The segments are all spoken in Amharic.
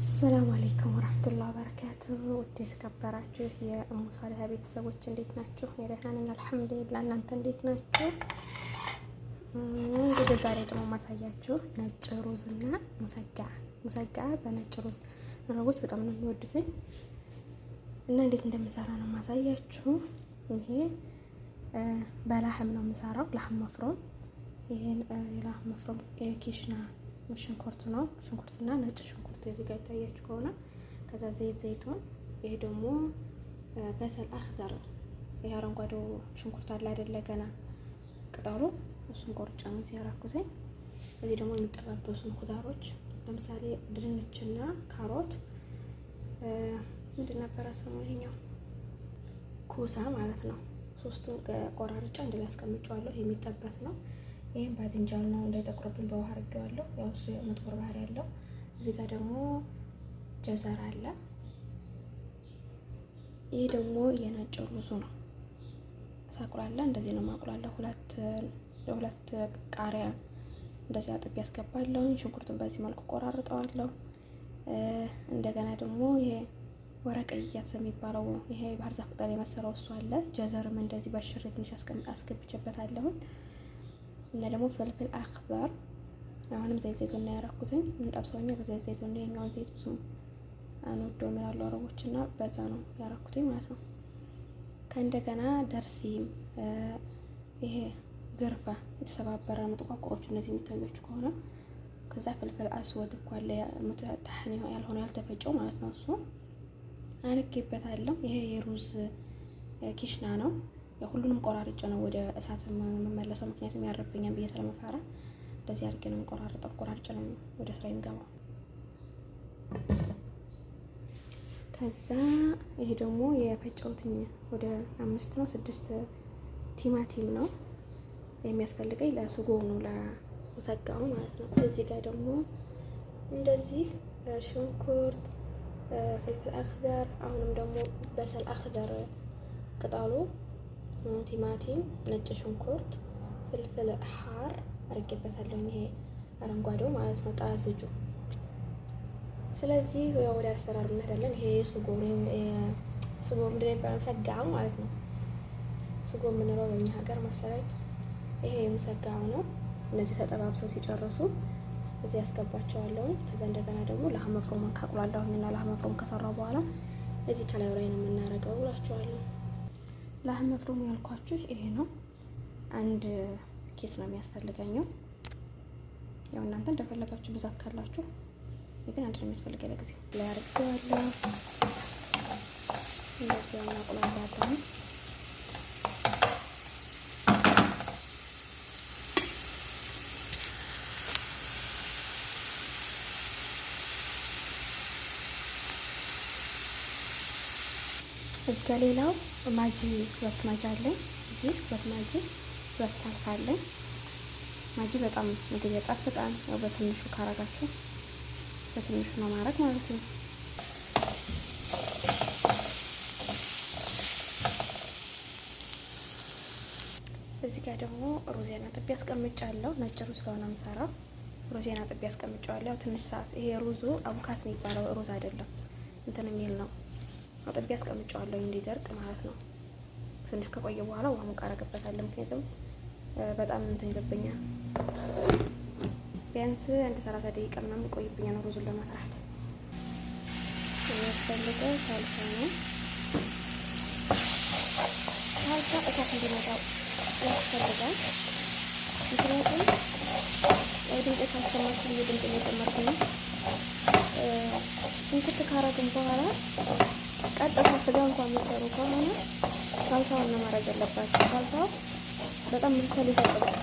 አሰላሙ አለይኩም ወረህመቱላሂ ወበረካቱ። ውድ የተከበራችሁ የእሙ ሳሊሃ ቤተሰቦች እንዴት ናችሁ? የደህና ነኝ አልሐምዱሊላህ። እናንተ እንዴት ናችሁ? እንግዲህ ዛሬ ደግሞ ማሳያችሁ ነጭ ሩዝ እና ሙሰጋ ሙሰጋ በነጭ ሩዝ ምግቦች በጣም ነው የሚወዱትኝ እና እንዴት እንደምሰራ ነው ማሳያችሁ። ይሄ በላህም ነው የምሰራው፣ ላህም መፍሮም። ይሄን የላህም መፍሮም የኪሽና ሽንኩርት ነው። ሽንኩርትና ነጭ ሽንኩርት እዚህ ጋር ይታያችሁ ከሆነ ከዛ ዘይት ዘይቱን፣ ይሄ ደግሞ በሰል አክዘር ይሄ አረንጓዴው ሽንኩርት አለ አይደለ? ገና ቅጠሉ እሱን ቆርጬ ነው ሲያራኩትኝ። እዚህ ደግሞ የሚጠባበሱ ኩታሮች ለምሳሌ ድንችና ካሮት ምንድን ነበረ ስሙ ይሄኛው ኩሳ ማለት ነው። ሶስቱን ቆራርጬ አንድ ላይ አስቀምጨዋለሁ። የሚጠበስ ነው። ይህም ባትንጃሉ ነው እንዳይጠቁርብን በውሃ አድርጌዋለሁ። ያው እሱ መጥቆር ባህር ያለው። እዚህ ጋር ደግሞ ጀዘር አለ። ይህ ደግሞ የነጭ ሩዙ ነው። ሳቁላላ እንደዚህ ነው ማቁላላ። ሁለት ለሁለት ቃሪያ እንደዚህ አጥቤ ያስገባለሁ። ሽንኩርቱን በዚህ መልኩ ቆራርጠዋለሁ። እንደገና ደግሞ ይሄ ወረቀያት የሚባለው ይሄ ባህር ዛፍ ቅጠል የመሰለው እሱ አለ። ጀዘርም እንደዚህ በሽሬ ትንሽ አስገብቼበታለሁኝ። እና ደግሞ ፍልፍል አክበር አሁንም ዘይት ዘይቱን ነው ያደረኩትኝ። ምንጠብሰውኛ በዘይት እንደ ይሄኛውን ዘይት ብዙ አንወደውም ይላሉ አረቦች እና በዛ ነው ያረኩትኝ ማለት ነው። ከእንደገና ደርሲም ይሄ ግርፋ የተሰባበረ መጠቋቆሮች እነዚህ የሚታዩች ከሆነ ከዛ ፍልፍል አስወድ እኮ አለ ታህኒ ያልሆነ ያልተፈጨው ማለት ነው። እሱ አልጌበታለሁ። ይሄ የሩዝ ኪሽና ነው። ሁሉንም ቆራርጬ ነው ወደ እሳት የምመለሰው። ምክንያቱም ያረብኛል ብዬ ስለመፈራ እንደዚህ አድርጌ ነው ቆራርጠው። ቆራርጬ ነው ወደ ስራ የሚገባው። ከዛ ይሄ ደግሞ የፈጨሁትኝ ወደ አምስት ነው ስድስት ቲማቲም ነው የሚያስፈልገኝ ለስጎ ነው ለዘጋው ማለት ነው። እዚህ ጋር ደግሞ እንደዚህ ሽንኩርት፣ ፍልፍል አክደር አሁንም ደግሞ በሰል አክደር ቅጠሉ ቲማቲም፣ ነጭ ሽንኩርት፣ ፍልፍል ሀር አድርጌበታለሁ። ይሄ አረንጓዴው ማለት ነው ጣዝጁ። ስለዚህ ወደ አሰራር እንሄዳለን። ይሄ ስጎ ስጎ ምንድን ነው ሰጋ ማለት ነው። ስጎ የምንለው በእኛ ሀገር መሰለኝ። ይሄ የምሰጋ ነው። እነዚህ ተጠባብሰው ሲጨርሱ እዚህ ያስገባቸዋለሁኝ። ከዛ እንደገና ደግሞ ለሀመፍሮም ካቁላለሁኝና ለሀመፍሮም ከሰራው በኋላ እዚህ ከላዩ ላይ ነው የምናደርገው። ውላችኋለሁ ላህም መፍሩም ያልኳችሁ ይሄ ነው። አንድ ኬስ ነው የሚያስፈልገኘው። ያው እናንተ እንደፈለጋችሁ ብዛት ካላችሁ ግን አንድ ነው የሚያስፈልገኝ። ለጊዜ ላይ አድርጌዋለሁ። እንደዚህ እናቁላላለን። እዚህ ጋር ሌላው ማጂ ሁለት ማጂ አለኝ እዚህ ሁለት ማጂ ሁለት ታርሳ አለኝ። ማጂ በጣም ምግብ ያጣፍጣል። ያው በትንሹ ካረጋችሁ በትንሹ ነው ማድረግ ማለት ነው። እዚህ ጋር ደግሞ ሩዜና ጥቤ አስቀምጫለሁ። ነጭ ሩዝ ስለሆነ የምሰራው ሩዜና ጥቤ አስቀምጫዋለሁ። ያው ትንሽ ሰዓት ይሄ ሩዙ አቡካስ የሚባለው ሩዝ አይደለም እንትን የሚል ነው አጥቤ አስቀምጨዋለሁ እንዲደርቅ ማለት ነው። ትንሽ ከቆየ በኋላ ውሃ ሙቅ አረግበታለሁ። ምክንያቱም በጣም እንትን ይልብኛል። ቢያንስ አንድ ሰላሳ ደቂቃ ምናምን ይቆይብኛል ሩዙን ለመስራት። የሚያስፈልገው ሳልሳ ነው። ሳልሳ እሳት እንዲመጣው ያስፈልጋል። ምክንያቱም ድምፅ ሳስጨመርኩ ድምፅ እየጨመርኩ ነው። እንክት ካረግን በኋላ ቀጥታ ስጋ እንኳን የምትሰሩ ከሆነ ሳልሳውን ነው ማድረግ ያለባቸው። ሳልሳው በጣም መብሰል ይፈልጋል።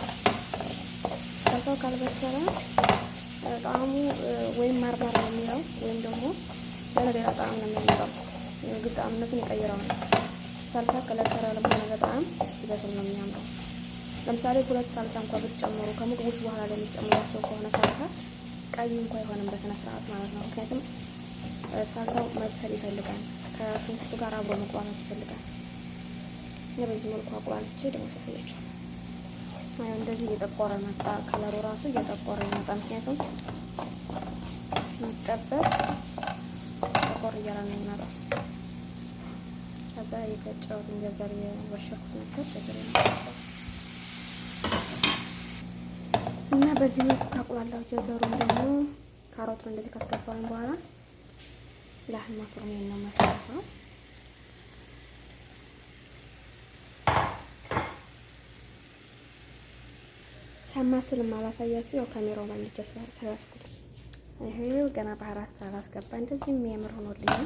ሳልሳው ካልበሰለ ጣዕሙ ወይም ማርማር ነው የሚለው ወይም ደግሞ ለሌላ ጣዕም ነው የሚያመጣው። የምግብ ጣዕምነቱን ይቀይረዋል። ሳልሳ ከለሰረ ለሆነ በጣም ሲበስል ነው የሚያምረው። ለምሳሌ ሁለት ሳልሳ እንኳ ብትጨምሩ ከምግቦች በኋላ ላይ ከሆነ ሳልሳ ቀይ እንኳ አይሆንም በስነ ስርዓት ማለት ነው። ምክንያቱም ሳልሳው መብሰል ይፈልጋል። ከእሱ ጋር አብሮ መቋረጥ ይፈልጋል። እኔ በዚህ መልኩ አቁላልቼ ደግሞ ሰፍያቸዋል። አሁን እንደዚህ እየጠቆረ መጣ። ከለሩ ራሱ እየጠቆረ ይመጣ። ምክንያቱም ሲጠበስ ጠቆር እያለ ነው የሚመጣው። ከዛ የፈጨሁት እንጀዘር የወሸኩት ነገር ችግር እና በዚህ መልኩ ካቁላላው ጀዘሩን ደግሞ ካሮቱን እንደዚህ ካስገባን በኋላ ላህና ፍርሜ ነው መስራት ነው። ሳማስልም አላሳያችሁ ያው ካሜራው መልጀ ስለያዝኩት ይሄው ገና ባህራት ሳላስገባ እንደዚህ የሚያምር ሆኖልኛል።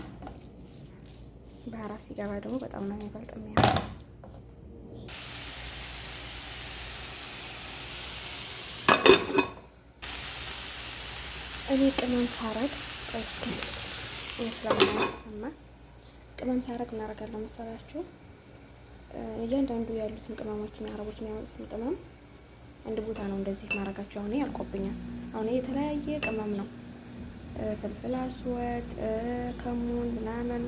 ባህራት ሲገባ ደግሞ በጣም ነው የሚበልጥ የሚያምር። እኔ ቅመም ሳረግ ስለማያሰማ ቅመም ሳረግ እናደርጋለሁ መሰላችሁ። እያንዳንዱ ያሉትን ቅመሞችን አረቦች የሚያመጡትን ቅመም አንድ ቦታ ነው እንደዚህ ማድረጋቸው። አሁን ያልቆብኛል። አሁን የተለያየ ቅመም ነው ፍልፍል አስወጥ፣ ከሙን ምናምን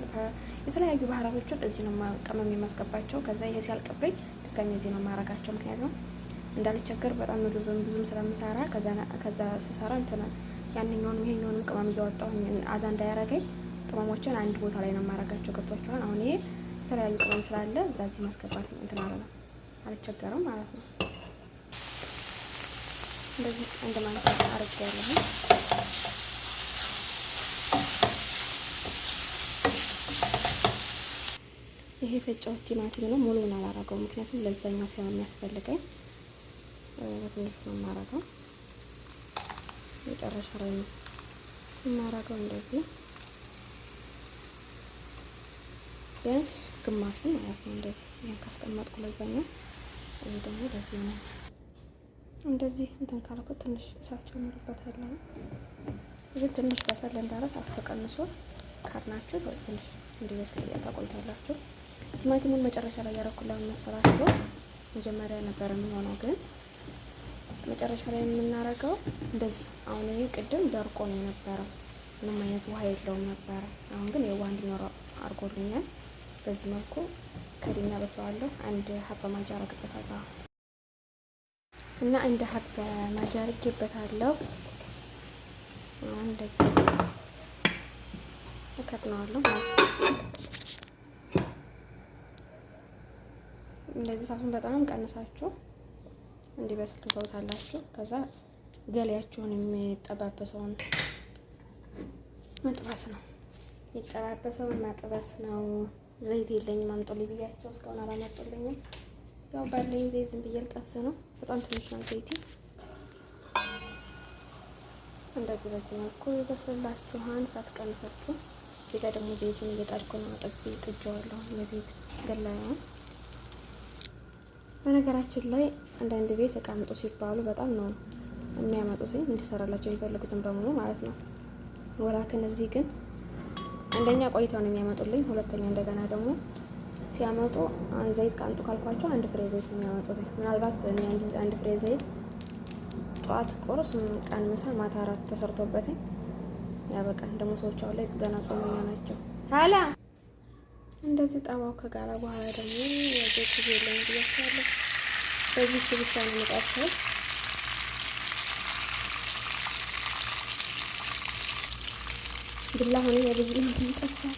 የተለያዩ ባህራቶችን እዚህ ነው ቅመም የማስገባቸው። ከዛ ይሄ ሲያልቅብኝ ድጋሚ እዚህ ነው ማድረጋቸው፣ ምክንያቱም እንዳልቸገር በጣም ብዙም ስለምሰራ ከዛ ስሰራ እንትናል ያንኛውን ይሄኛውንም ቅመም እያወጣሁኝ አዛ እንዳያረገኝ ቅመሞችን አንድ ቦታ ላይ ነው የማረጋቸው። ገብቷችኋል? አሁን ይሄ የተለያዩ ቅመም ስላለ እዛ እዚህ ማስገባት እንትን አለ አልቸገርም ማለት ነው። እንደዚህ አንድ ማንሳት አርግ ያለሁ ይሄ ፈጫው ቲማቲም ነው። ሙሉውን አላረገው፣ ምክንያቱም ለዛኛው ሳይሆን የሚያስፈልገኝ በትንሹ ነው የማረገው መጨረሻ ላይ ነው የማረገው። እንደዚህ ቢያንስ ግማሹ ማለት ነው። እንደዚህ ይህን ካስቀመጥኩ ለዛኛው እዚህ ደግሞ ለዚህ ነው። እንደዚህ እንትን ካልኩት ትንሽ እሳት ጨምርበታለሁ። እዚህ ትንሽ በሰል እንዳረስ አፍ ተቀንሶ ወይ ትንሽ እንዲበስል እያታቆይታላችሁ። ቲማቲሙን መጨረሻ ላይ ያረኩላ መሰራት መጀመሪያ ነበረ የሚሆነው ግን መጨረሻ ላይ የምናረገው እንደዚህ። አሁን ይህ ቅድም ደርቆ ነው የነበረው፣ ምንም አይነት ውሃ የለውም ነበረ። አሁን ግን የውሃ እንዲኖረው አድርጎልኛል። በዚህ መልኩ ከዲና በስለዋለሁ። አንድ ሀበ ማንጃ አረግበታለሁ እና እንደ ሀበ ማንጃ አርጌበታለሁ። አሁን እንደዚህ እከድነዋለሁ ማለት እንደዚህ ሳቱን በጣም ቀንሳችሁ እንዲበስል ትተውታላችሁ። ከዛ ገሊያችሁን የሚጠባበሰውን መጥበስ ነው። የተጠባበሰውን መጥበስ ነው። ዘይት የለኝም አምጦልኝ ብያቸው እስካሁን አላመጡልኝም። ያው ባለኝ ዘይት ዝም ብዬ ልጠብስ ነው። በጣም ትንሽ ነው ዘይቴ። እንደዚህ በዚህ መልኩ ይበስልላችኋል፣ ሳትቀንሳችሁ። እዚህ ጋ ደግሞ ዘይቱን እየጣድኩ ነው። ጥቤ ጥጄዋለሁ የዘይት ነው በነገራችን ላይ አንዳንድ ቤት ተቀምጡ ሲባሉ በጣም ነው የሚያመጡት እንዲሰራላቸው የሚፈልጉትን በሙሉ ማለት ነው። ወላክን እዚህ ግን አንደኛ ቆይተው ነው የሚያመጡልኝ፣ ሁለተኛ እንደገና ደግሞ ሲያመጡ አንድ ዘይት ቀምጡ ካልኳቸው አንድ ፍሬ ዘይት ነው የሚያመጡትኝ። ምናልባት አንድ ፍሬ ዘይት ጠዋት ቁርስ፣ ቀን ምሳ፣ ማታ አራት ተሰርቶበትኝ ያበቃል። ደግሞ ሰዎች አሁን ላይ ገና ጾመኛ ናቸው። ሀላ እንደዚህ ጠባው ከጋላ በኋላ ደግሞ የሚያስፈልገው ጊዜ የለም ብያቸዋለሁ። በዚህ ብቻ ነው መጣቸው። ብላ ሆነ የብዙ ነው የሚጠብሳል።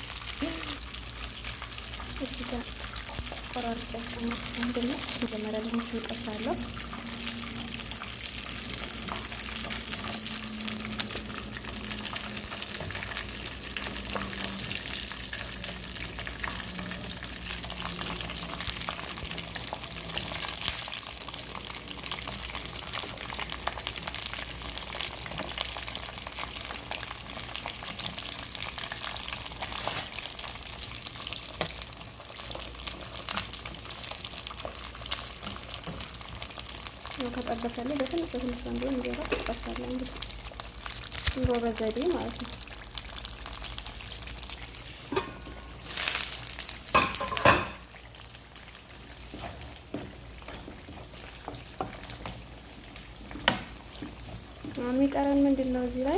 እዚህ ጋር ቆራርጫ ቀመስ ወንድና መጀመሪያ ደግሞ ይጠብሳለሁ እንጠብሳታለን። በትንሽ በትንሽ ቢሆን እንጀራ እንጠብሳለን። እንግዲህ እንሮ በዘዴ ማለት ነው። የሚቀረን ምንድን ነው? እዚህ ላይ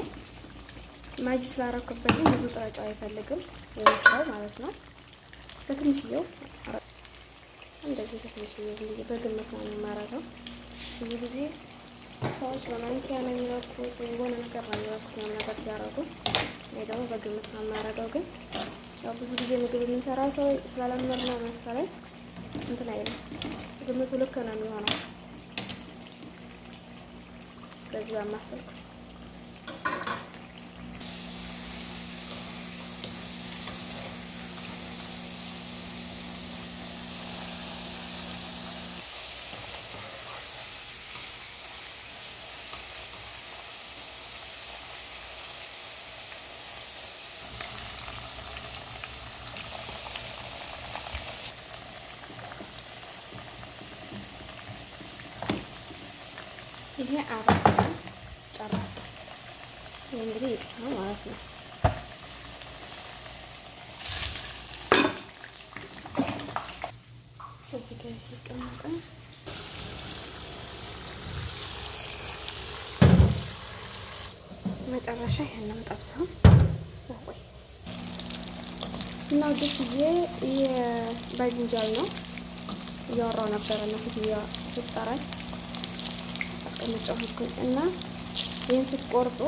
ማጅ ስላረኩበት ብዙ ጥረጫው አይፈልግም ወይቻው ማለት ነው። በትንሽየው እንደዚህ በትንሽዬው በግምት ነው የማረገው። ብዙ ጊዜ ሰዎች በማንኪያ ነው የሚለኩት ወይም በሆነ ነገር ነው የሚለኩት ነው ሲያደርጉ፣ እኔ ደግሞ በግምት ነው የማደርገው። ግን ያው ብዙ ጊዜ ምግብ የምንሰራ ሰው ስላለመድ ነው መሰለኝ እንትን አይልም፣ ግምቱ ልክ ነው የሚሆነው። በዚህ አማሰልኩት። ላይ አበቃን፣ ጨረስን። ይህ እንግዲህ ይጣ ማለት ነው። እዚህ ጋር ይቀመጣል። መጨረሻ ይሄንን ጠብሰው እና ወደች ጊዜ ነው እያወራው ነበረ ነው ሴትዮዋ ስትጠራኝ አስቀምጫሁኩኝ እና ይህን ስትቆርጡ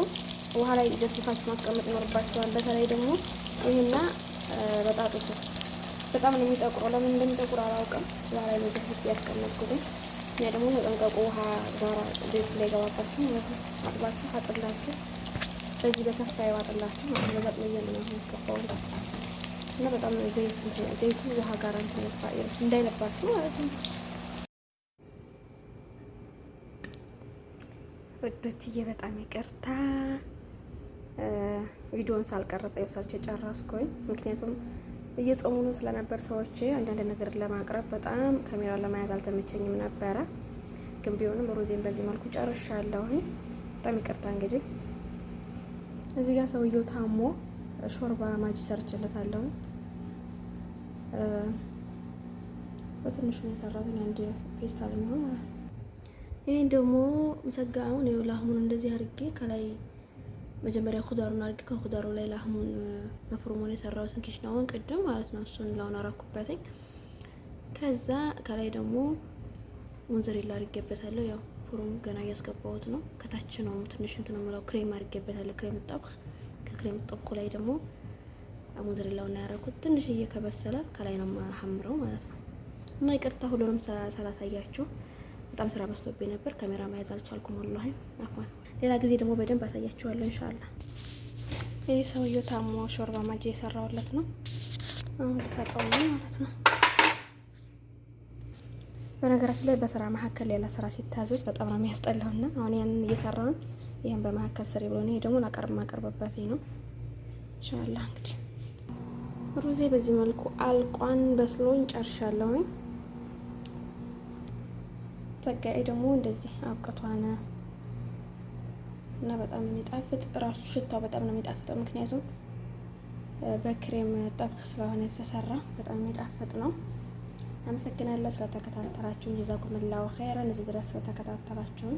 ውሃ ላይ ጀስታችሁ ማስቀመጥ ይኖርባቸዋል። በተለይ ደግሞ ይህና በጣጥሱ በጣም ነው የሚጠቁረው። ለምን እንደሚጠቁር አላውቅም። ውሃ ላይ በጀስት ያስቀመጥኩት እኛ ደግሞ ተጠንቀቁ። ውሃ ጋራ ቤት ላይ ገባባችሁ አጥባችሁ አጥላችሁ በዚህ በሰፋ ይዋጥላችሁ ማለት ነው። በጣም ነው የሚያስቀፋው እና በጣም ዘይቱ ውሃ ጋር እንዳይለባችሁ ማለት ነው። ውዶችዬ በጣም ይቅርታ ቪዲዮን ሳልቀረጸ የውሳቸ ጨረስኩኝ። ምክንያቱም እየጾሙ ነው ስለነበር ሰዎች አንዳንድ ነገር ለማቅረብ በጣም ካሜራ ለመያዝ አልተመቸኝም ነበረ። ግን ቢሆንም ሮዜን በዚህ መልኩ ጨርሻለሁኝ። በጣም ይቅርታ። እንግዲህ እዚህ ጋር ሰውየው ታሞ ሾርባ ማጅ ሰርችለታለሁ። በትንሹ ነው የሰራትን አንድ ፌስታል ነው ይህን ደግሞ መሰጋ አሁን ይኸው ላህሙን እንደዚህ አድርጌ ከላይ መጀመሪያ ኩዳሩን አድርጌ ከኩዳሩ ላይ ላህሙን መፍሩሙን የሰራሁትን ኪሽናውን ቅድም ማለት ነው እሱን ላሁን አራኩበትኝ። ከዛ ከላይ ደግሞ ሞንዘሬላ አድርጌበታለሁ። ያው ፍሩም ገና እያስገባሁት ነው። ከታች ነው ትንሽ እንትን የምለው ክሬም አድርጌበታለሁ። ክሬም ጠብኩ። ከክሬም ጠብኩ ላይ ደግሞ ሞንዘሬላውን ያደረኩት ትንሽ እየከበሰለ ከላይ ነው ማሐምረው ማለት ነው እና ይቅርታ ሁሉንም ሳላሳያችሁ በጣም ስራ በዝቶብኝ ነበር። ካሜራ መያዝ አልቻልኩም። ወላሂ አፏን ሌላ ጊዜ ደግሞ በደንብ አሳያችኋለሁ እንሻላ። ይህ ሰውዬው ታሞ ሾርባ ማጅ የሰራውለት ነው። አሁን ልሰጠው ነው ማለት ነው። በነገራችን ላይ በስራ መካከል ሌላ ስራ ሲታዘዝ በጣም ነው የሚያስጠላውና አሁን ያንን እየሰራውን ይህን በመካከል ስሪ ብሎ ነው። ይሄ ደግሞ ላቀርብ ማቀርብበት ነው እንሻላ። እንግዲህ ሩዜ በዚህ መልኩ አልቋን በስሎን ጨርሻለሁኝ። ፀጋዬ ደግሞ እንደዚህ አብቅቷን እና በጣም የሚጣፍጥ ራሱ ሽታው በጣም ነው የሚጣፍጠው። ምክንያቱም በክሬም ጠብቅ ስለሆነ የተሰራ በጣም የሚጣፍጥ ነው። አመሰግናለሁ ስለተከታተላችሁኝ። ጀዛኩም ኸይረን። እዚህ ድረስ ስለተከታተላችሁኝ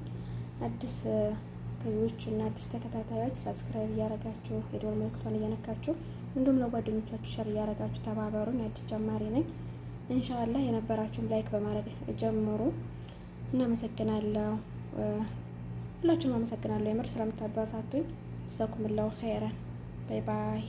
አዲስ ገቢዎች እና አዲስ ተከታታዮች ሰብስክራይብ እያደረጋችሁ የደወል ምልክቷን እየነካችሁ እንዲሁም ለጓደኞቻችሁ ሸር እያደረጋችሁ ተባበሩኝ። አዲስ ጀማሪ ነኝ። ኢንሻአላህ የነበራችሁን ላይክ በማድረግ ጀምሩ። እናመሰግናለሁ። ሁላችሁም አመሰግናለሁ የምር ስለምታበረታቱኝ። ጀዛኩሙላሁ ኸይረን። ባይ ባይ